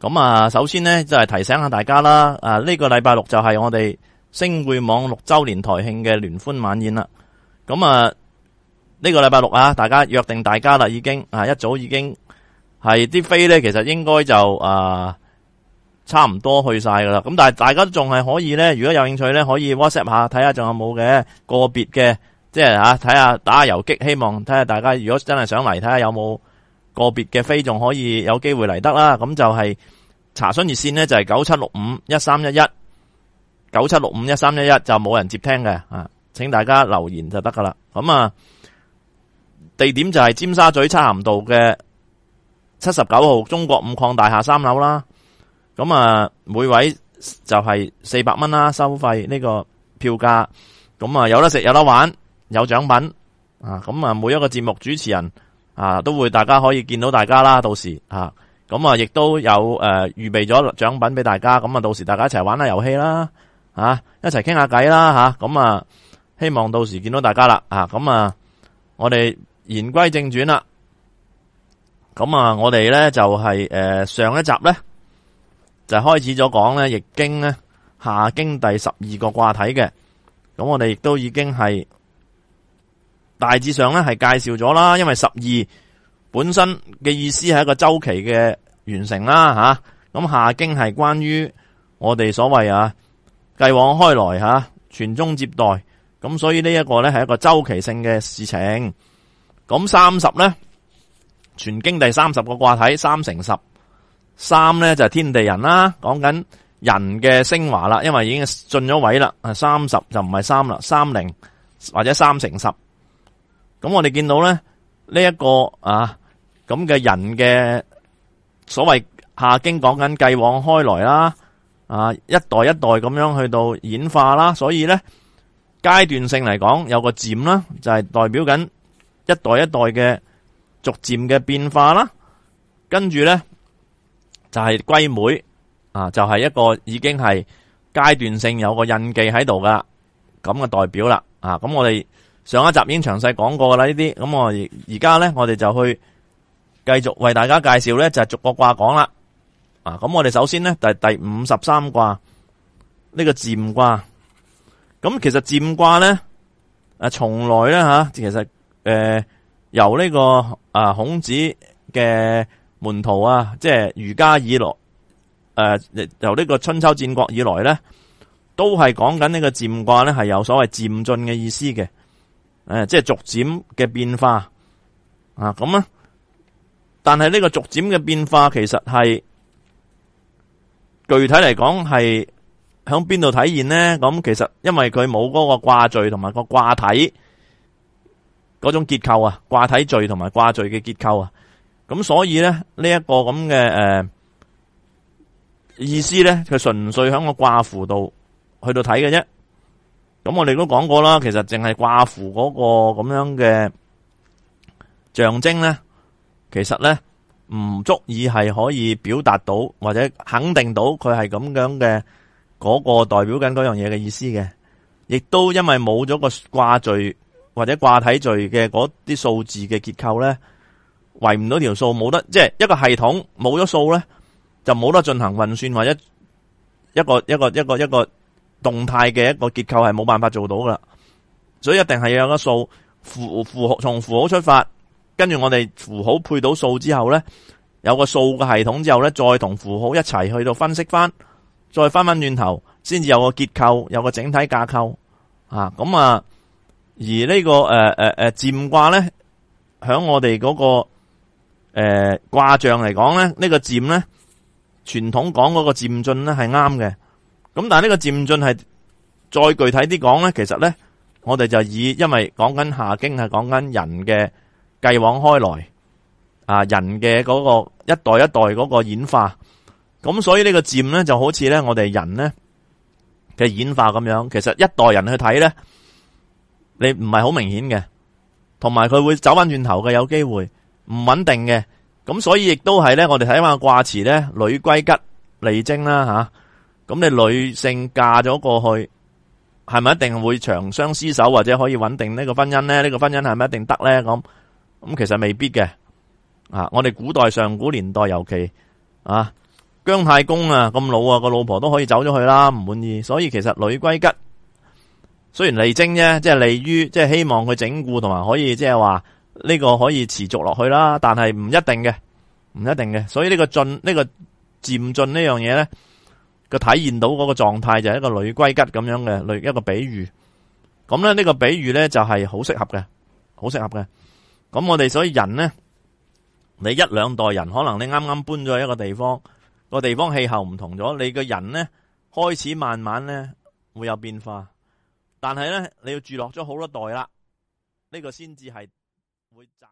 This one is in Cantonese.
咁啊，首先呢，就係、是、提醒下大家啦，啊呢、這個禮拜六就係我哋星匯網六周年台慶嘅聯歡晚宴啦。咁啊，呢、這個禮拜六啊，大家約定大家啦，已經啊一早已經係啲飛呢，其實應該就啊差唔多去晒㗎啦。咁但係大家都仲係可以呢，如果有興趣呢，可以 WhatsApp 下睇下仲有冇嘅個別嘅，即係吓睇下打下游擊，希望睇下大家如果真係想嚟睇下有冇。個別嘅飛仲可以有機會嚟得啦。咁就係查詢熱線呢就係九七六五一三一一九七六五一三一一，就冇人接聽嘅啊，請大家留言就得噶啦，咁啊地點就係尖沙咀漆咸道嘅七十九號中國五礦大廈三樓啦，咁啊每位就係四百蚊啦，收費呢個票價，咁啊有得食、有得玩、有獎品啊，咁啊每一個節目主持人。啊，都會大家可以見到大家啦，到時啊，咁啊，亦都有誒預、呃、備咗獎品俾大家，咁啊，到時大家一齊玩下遊戲啦，啊，一齊傾下偈啦吓，咁啊，希望到時見到大家啦，啊，咁啊，我哋言歸正傳啦，咁啊，我哋咧就係、是、誒、呃、上一集咧就開始咗講咧易經咧下經第十二個卦體嘅，咁、啊、我哋亦都已經係。大致上咧係介紹咗啦，因為十二本身嘅意思係一個周期嘅完成啦，吓，咁下經係關於我哋所謂啊繼往開來吓，傳宗接代，咁所以呢一個呢係一個周期性嘅事情。咁三十呢，全經第三十個卦體三乘十三呢，就係天地人啦，講緊人嘅升華啦，因為已經進咗位啦。三十就唔係三啦，三零或者三乘十。咁我哋見到咧，呢一個啊咁嘅人嘅所謂《下經》講緊繼往開來啦，啊一代一代咁樣去到演化啦，所以咧階段性嚟講有個漸啦，就係代表緊一代一代嘅逐漸嘅變化啦。跟住咧就係歸妹啊，就係一個已經係階段性有個印記喺度噶啦咁嘅代表啦。啊，咁我哋。上一集已經詳細講過啦，呢啲咁我而家咧，我哋就去繼續為大家介紹咧，就係、是、逐個卦講啦。啊，咁我哋首先呢，就係第五十三卦呢個漸卦。咁其實漸卦咧啊，從來咧吓、啊，其實誒、呃、由呢、這個啊孔子嘅門徒啊，即係儒家以來誒、呃、由呢個春秋戰國以來咧，都係講緊呢個漸卦咧，係有所謂漸進嘅意思嘅。誒，即係逐漸嘅變化，啊，咁啊，但係呢個逐漸嘅變化，其實係具體嚟講係響邊度體現呢？咁其實因為佢冇嗰個卦序同埋個卦體嗰種結構啊，卦體序同埋卦序嘅結構啊，咁所以咧呢一個咁嘅誒意思咧，佢純粹響個卦符度去到睇嘅啫。咁我哋都講過啦，其實淨係卦符嗰個咁樣嘅象徵咧，其實咧唔足以係可以表達到或者肯定到佢係咁樣嘅嗰、嗰個代表緊嗰樣嘢嘅意思嘅，亦都因為冇咗個卦序或者卦體序嘅嗰啲數字嘅結構咧，圍唔到條數，冇得即係、就是、一個系統冇咗數咧，就冇得進行運算或者一個一個一個一個。一個一個動態嘅一個結構係冇辦法做到噶，所以一定係要有個數符符號，從符號出發，跟住我哋符號配到數之後咧，有個數嘅系統之後咧，再同符號一齊去到分析翻，再翻翻轉頭，先至有個結構，有個整體架構咁啊，而、這個呃呃、漸卦呢、那個誒誒誒漸卦咧，響我哋嗰個誒卦象嚟講咧，呢個漸咧，傳統講嗰個漸進咧係啱嘅。咁但係呢個漸進係再具體啲講咧，其實咧我哋就以因為講緊《下經》係講緊人嘅繼往開來，啊人嘅嗰個一代一代嗰個演化，咁所以呢個漸咧就好似咧我哋人咧嘅演化咁樣。其實一代人去睇咧，你唔係好明顯嘅，同埋佢會走翻轉頭嘅，有機會唔穩定嘅。咁所以亦都係咧，我哋睇下個卦辭咧，女歸吉，利貞啦吓。咁你女性嫁咗過去，係咪一定會長相廝守或者可以穩定呢個婚姻呢？呢、呢個婚姻係咪一定得呢？咁咁其實未必嘅。啊，我哋古代上古年代尤其啊姜太公啊咁老啊個老婆都可以走咗去啦，唔滿意。所以其實女歸吉雖然利貞啫，即係利於即係希望佢整固同埋可以即係話呢個可以持續落去啦，但係唔一定嘅，唔一定嘅。所以呢個進呢、呢個漸進呢樣嘢呢。佢體現到嗰個狀態就係一個女龜吉咁樣嘅女一個比喻，咁咧呢個比喻咧就係好適合嘅，好適合嘅。咁我哋所以人咧，你一兩代人可能你啱啱搬咗一個地方，個地方氣候唔同咗，你嘅人咧開始慢慢咧會有變化，但係咧你要住落咗好多代啦，呢個先至係會集。